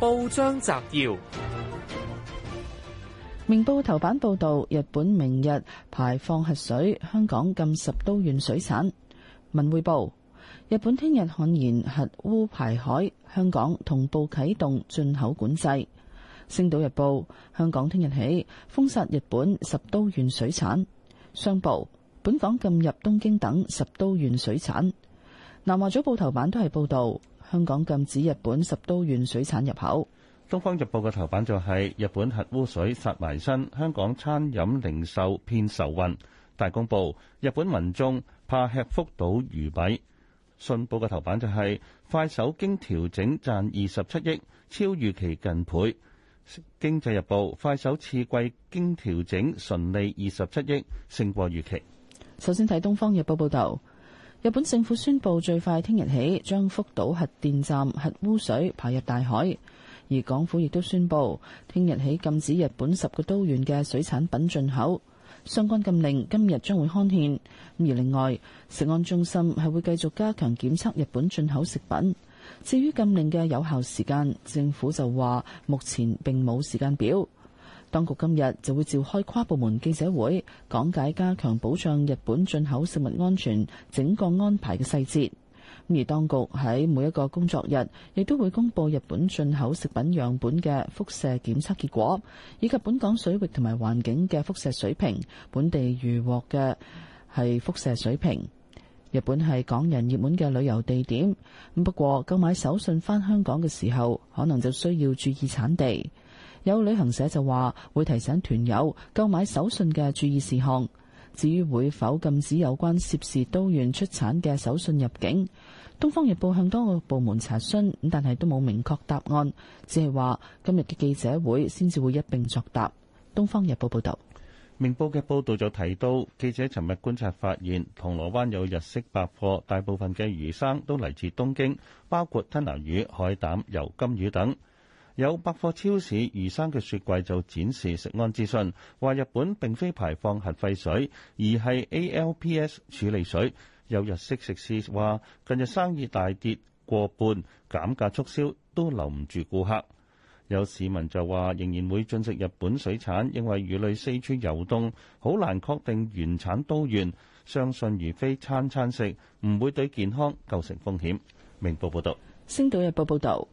報章摘要：明報頭版報道，日本明日排放核水，香港禁十都縣水產。文匯報：日本聽日悍然核污排海，香港同步啟動進口管制。星島日報：香港聽日起封殺日本十都縣水產。商報：本港禁入東京等十都縣水產。南華早報頭版都係報道。香港禁止日本十都縣水產入口。東方日報嘅頭版就係日本核污水殺埋身，香港餐飲零售偏愁運。大公報：日本民眾怕吃福島魚米。信報嘅頭版就係快手經調整賺二十七億，超預期近倍。經濟日報：快手次季經調整純利二十七億，勝過預期。首先睇東方日報報道。日本政府宣布最快聽日起將福島核電站核污水排入大海，而港府亦都宣布聽日起禁止日本十個都縣嘅水產品進口。相關禁令今日將會刊憲。而另外，食安中心係會繼續加強檢測日本進口食品。至於禁令嘅有效時間，政府就話目前並冇時間表。當局今日就會召開跨部門記者會，講解加強保障日本進口食物安全整個安排嘅細節。而當局喺每一個工作日，亦都會公布日本進口食品樣本嘅輻射檢測結果，以及本港水域同埋環境嘅輻射水平、本地漁獲嘅係輻射水平。日本係港人熱門嘅旅遊地點，不過購買手信返香港嘅時候，可能就需要注意產地。有旅行社就話會提醒團友購買手信嘅注意事項。至於會否禁止有關涉事都縣出產嘅手信入境，《東方日報》向多個部門查詢，但係都冇明確答案，只係話今日嘅記者會先至會一並作答。《東方日報》報道，《明報》嘅報導就提到，記者尋日觀察發現，銅鑼灣有日式百貨，大部分嘅魚生都嚟自東京，包括吞拿魚、海膽、油甘魚等。有百貨超市魚生嘅雪櫃就展示食安資訊，話日本並非排放核廢水，而係 ALPS 處理水。有日式食肆話，近日生意大跌過半，減價促銷都留唔住顧客。有市民就話，仍然會進食日本水產，因為魚類四處遊動，好難確定原產都源，相信如非餐餐食，唔會對健康構成風險。明報報導，星島日報報導。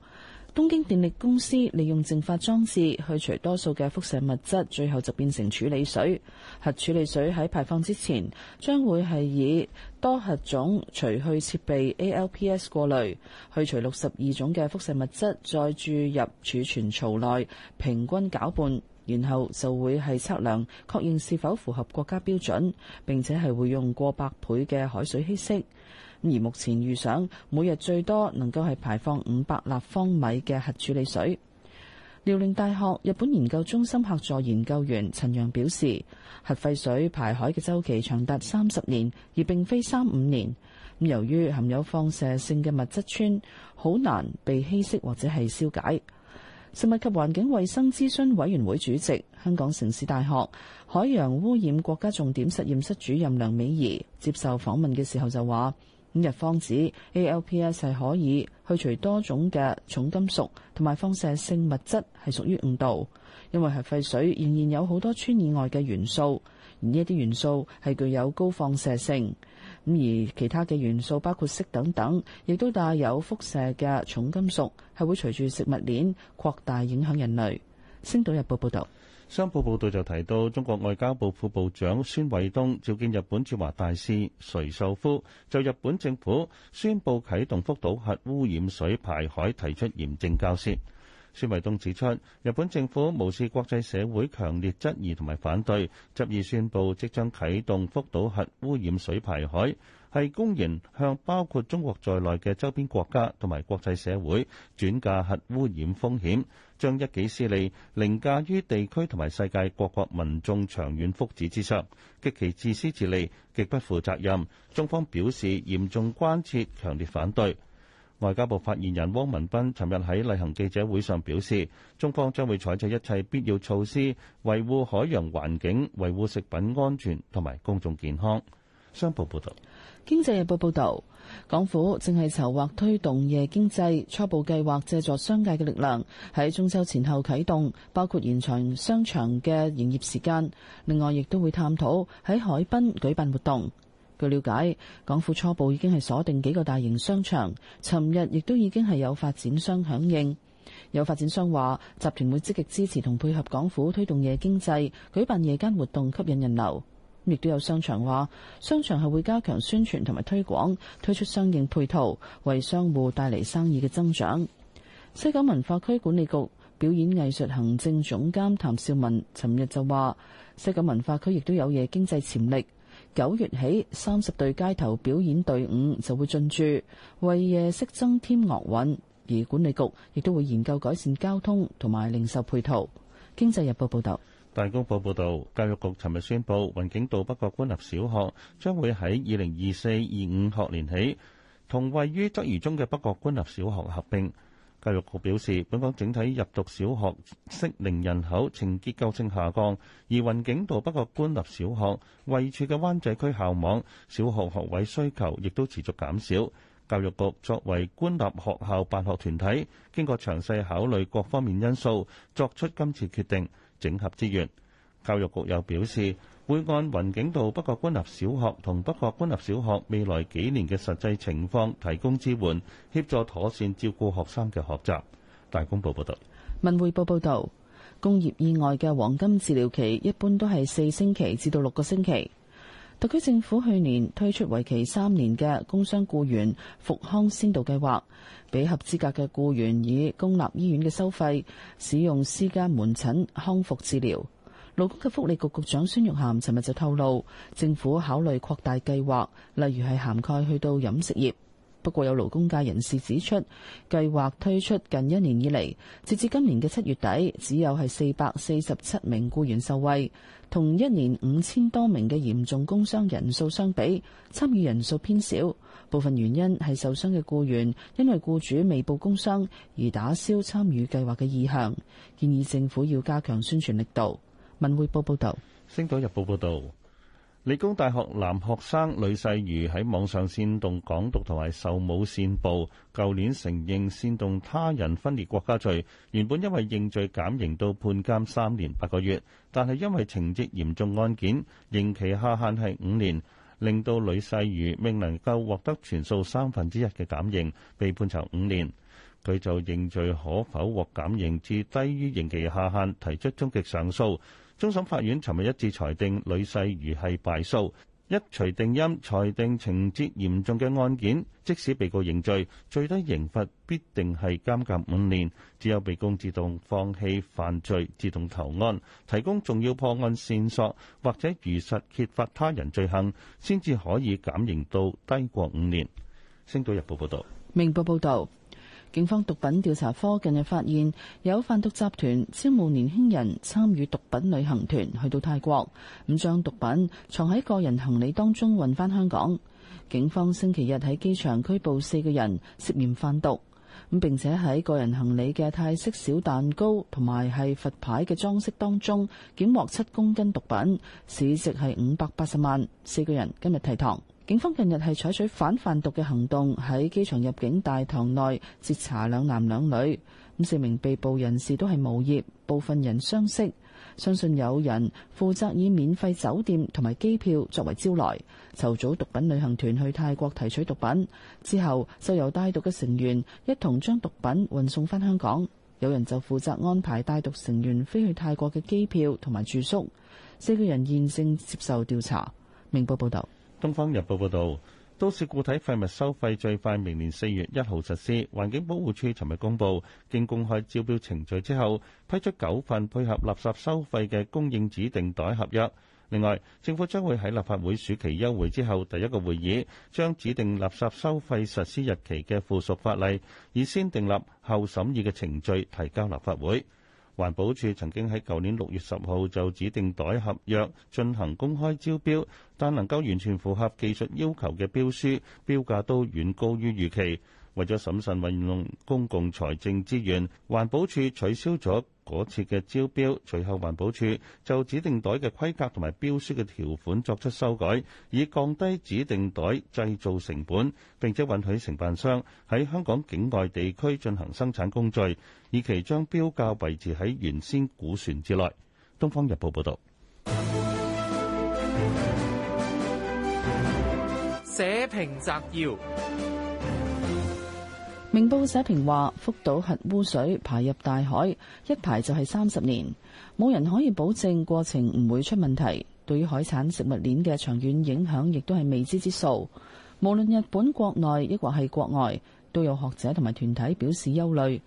東京電力公司利用淨化裝置去除多數嘅輻射物質，最後就變成處理水。核處理水喺排放之前，將會係以多核種除去設備 ALPS 過濾，去除六十二種嘅輻射物質，再注入儲存槽內，平均攪拌，然後就會係測量，確認是否符合國家標準，並且係會用過百倍嘅海水稀釋。而目前遇上每日最多能夠係排放五百立方米嘅核處理水。遼寧大學日本研究中心客座研究員陳陽表示，核廢水排海嘅周期長達三十年，而並非三五年。咁，由於含有放射性嘅物質村好難被稀釋或者係消解。食物及環境衛生諮詢委員會主席、香港城市大學海洋污染國家重點實驗室主任梁美儀接受訪問嘅時候就話。五日方指 ALPS 係可以去除多種嘅重金屬同埋放射性物質係屬於誤導，因為核廢水仍然有好多氚以外嘅元素，而呢一啲元素係具有高放射性。咁而其他嘅元素包括硒等等，亦都帶有輻射嘅重金屬，係會隨住食物鏈擴大影響人類。星島日報報道。商報報道就提到，中國外交部副部長孫衛東召見日本駐華大使垂秀夫，就日本政府宣布啟動福島核污染水排海提出嚴正交涉。孫衛東指出，日本政府無視國際社會強烈質疑同埋反對，執意宣佈即將啟動福島核污染水排海，係公然向包括中國在內嘅周邊國家同埋國際社會轉嫁核污染風險。將一己私利凌駕於地區同埋世界各國民眾長遠福祉之上，極其自私自利，極不負責任。中方表示嚴重關切，強烈反對。外交部發言人汪文斌尋日喺例行記者會上表示，中方將會採取一切必要措施，維護海洋環境、維護食品安全同埋公眾健康。商報報道，經濟日報報道。港府正係籌劃推動夜經濟，初步計劃借助商界嘅力量喺中秋前後啟動，包括延長商場嘅營業時間。另外，亦都會探討喺海濱舉辦活動。據了解，港府初步已經係鎖定幾個大型商場，尋日亦都已經係有發展商響應。有發展商話，集團會積極支持同配合港府推動夜經濟，舉辦夜間活動吸引人流。亦都有商場話，商場係會加強宣傳同埋推廣，推出相應配套，為商戶帶嚟生意嘅增長。西九文化區管理局表演藝術行政總監譚兆文尋日就話，西九文化區亦都有夜經濟潛力。九月起，三十隊街頭表演隊伍就會進駐，為夜色增添樂韻。而管理局亦都會研究改善交通同埋零售配套。經濟日報報道。大公報報導，教育局尋日宣布，雲景道北角官立小學將會喺二零二四二五學年起同位於鰂魚涌嘅北角官立小學合併。教育局表示，本港整體入讀小學適齡人口呈結構性下降，而雲景道北角官立小學位處嘅灣仔區校網小學學位需求亦都持續減少。教育局作為官立學校辦學團體，經過詳細考慮各方面因素，作出今次決定。整合資源，教育局又表示會按雲景道北角官立小學同北角官立小學未來幾年嘅實際情況提供支援，協助妥善照顧學生嘅學習。大公報報道。文匯報報道，工業意外嘅黃金治療期一般都係四星期至到六個星期。特區政府去年推出為期三年嘅工傷僱員復康先導計劃，俾合資格嘅僱員以公立醫院嘅收費使用私家門診康復治療。勞工及福利局局長孫玉菡尋日就透露，政府考慮擴大計劃，例如係涵蓋去到飲食業。不過有勞工界人士指出，計劃推出近一年以嚟，直至今年嘅七月底，只有係四百四十七名僱員受惠，同一年五千多名嘅嚴重工傷人數相比，參與人數偏少。部分原因係受傷嘅僱員因為僱主未報工傷而打消參與計劃嘅意向。建議政府要加強宣傳力度。文匯報報道。星島日報報道。理工大學男學生呂世如喺網上煽動港獨同埋受舞煽暴，舊年承認煽動他人分裂國家罪，原本因為認罪減刑到判監三年八個月，但係因為情節嚴重案件，刑期下限係五年，令到呂世如未能夠獲得全數三分之一嘅減刑，被判囚五年。佢就認罪可否獲減刑至低於刑期下限，提出終極上訴。中審法院尋日一致裁定女婿如係敗訴，一錘定音，裁定情節嚴重嘅案件，即使被告認罪，最低刑罰必定係監禁五年。只有被告自動放棄犯罪、自動投案、提供重要破案線索或者如實揭發他人罪行，先至可以減刑到低過五年。星島日報報道。明報報警方毒品調查科近日發現有販毒集團招募年輕人參與毒品旅行團，去到泰國，咁將毒品藏喺個人行李當中運翻香港。警方星期日喺機場拘捕四個人涉嫌販毒，咁並且喺個人行李嘅泰式小蛋糕同埋係佛牌嘅裝飾當中檢獲七公斤毒品，市值係五百八十萬。四個人今日提堂。警方近日係採取反販毒嘅行動，喺機場入境大堂內截查兩男兩女。咁四名被捕人士都係無業，部分人相識，相信有人負責以免費酒店同埋機票作為招來，籌組毒品旅行團去泰國提取毒品，之後就由帶毒嘅成員一同將毒品運送返香港。有人就負責安排帶毒成員飛去泰國嘅機票同埋住宿。四個人現正接受調查。明報報道。《東方日報》報導，都市固體廢物收費最快明年四月一號實施。環境保護署尋日公佈，經公開招標程序之後，批出九份配合垃圾收費嘅供應指定袋合約。另外，政府將會喺立法會暑期休會之後第一個會議，將指定垃圾收費實施日期嘅附屬法例，以先訂立後審議嘅程序提交立法會。環保署曾經喺舊年六月十號就指定袋合約進行公開招標，但能夠完全符合技術要求嘅標書，標價都遠高於預期。為咗審慎運用公共財政資源，環保署取消咗嗰次嘅招標，隨後環保署就指定袋嘅規格同埋標書嘅條款作出修改，以降低指定袋製造成本，並且允許承辦商喺香港境外地區進行生產工序，以期將標價維持喺原先估算之內。《東方日報，報》報道：社評摘要。明報社評話，福島核污水排入大海，一排就係三十年，冇人可以保證過程唔會出問題，對於海產食物鏈嘅長遠影響亦都係未知之數，無論日本國內抑或係國外，都有學者同埋團體表示憂慮，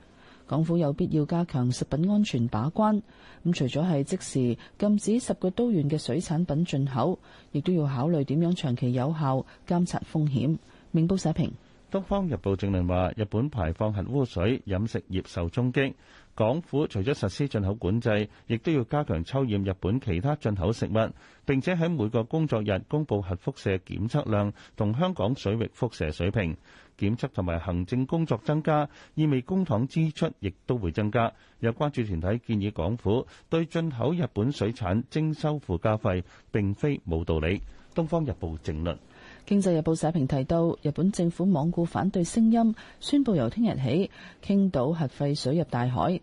港府有必要加強食品安全把關，咁除咗係即時禁止十個都縣嘅水產品進口，亦都要考慮點樣長期有效監察風險，明報社評。《東方日報》正論話：日本排放核污水，飲食業受衝擊。港府除咗實施進口管制，亦都要加強抽驗日本其他進口食物。並且喺每個工作日公佈核輻射檢測量同香港水域輻射水平。檢測同埋行政工作增加，意味公帑支出亦都會增加。有關注團體建議港府對進口日本水產徵收附加費，並非冇道理。《東方日報》正論。經濟日報社評提到，日本政府罔顧反對聲音，宣布由聽日起傾倒核廢水入大海，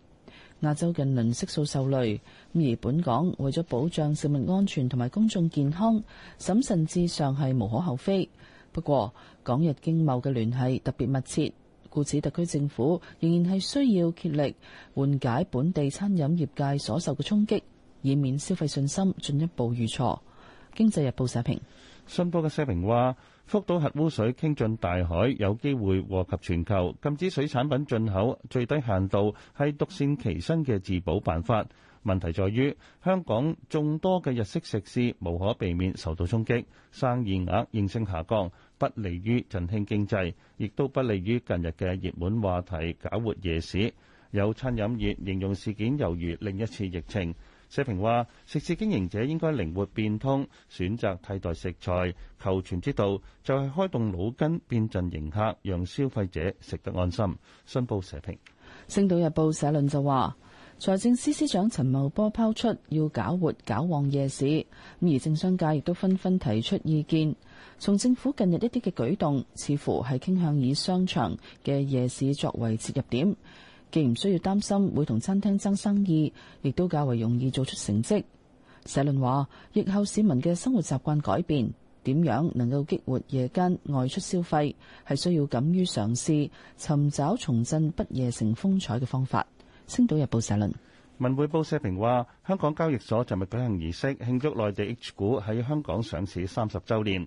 亞洲近鄰悉數受累。而本港為咗保障食物安全同埋公眾健康，審慎至上係無可厚非。不過，港日經貿嘅聯繫特別密切，故此特區政府仍然係需要竭力緩解本地餐飲業界所受嘅衝擊，以免消費信心進一步遇挫。經濟日報社評。信報嘅社評話：福島核污水傾進大海，有機會禍及全球，禁止水產品進口，最低限度係獨善其身嘅自保辦法。問題在於，香港眾多嘅日式食肆無可避免受到衝擊，生意額應聲下降，不利於振興經濟，亦都不利於近日嘅熱門話題搞活夜市。有餐飲業形容事件猶如另一次疫情。社評話：食肆經營者應該靈活變通，選擇替代食材，求存之道就係開動腦筋變陣迎客，讓消費者食得安心。新報社評，《星島日報》社論就話：財政司司長陳茂波拋出要搞活搞旺夜市，咁而政商界亦都紛紛提出意見。從政府近日一啲嘅舉動，似乎係傾向以商場嘅夜市作為切入點。既唔需要擔心會同餐廳爭生意，亦都較為容易做出成績。社論話：疫後市民嘅生活習慣改變，點樣能夠激活夜間外出消費，係需要敢於嘗試，尋找重振不夜城風采嘅方法。《星島日報》社論，《文匯報》社評話：香港交易所尋日舉行儀式，慶祝內地 H 股喺香港上市三十週年。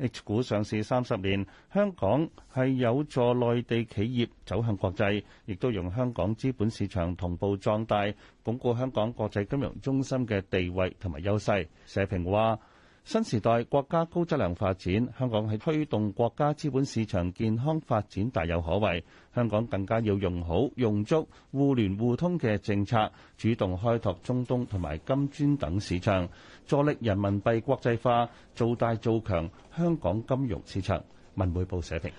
H 股上市三十年，香港係有助內地企業走向國際，亦都讓香港資本市場同步壯大，鞏固香港國際金融中心嘅地位同埋優勢。社評話。新時代國家高質量發展，香港喺推動國家資本市場健康發展大有可為。香港更加要用好用足互聯互通嘅政策，主動開拓中東同埋金磚等市場，助力人民幣國際化，做大做強香港金融市場。文匯報社評。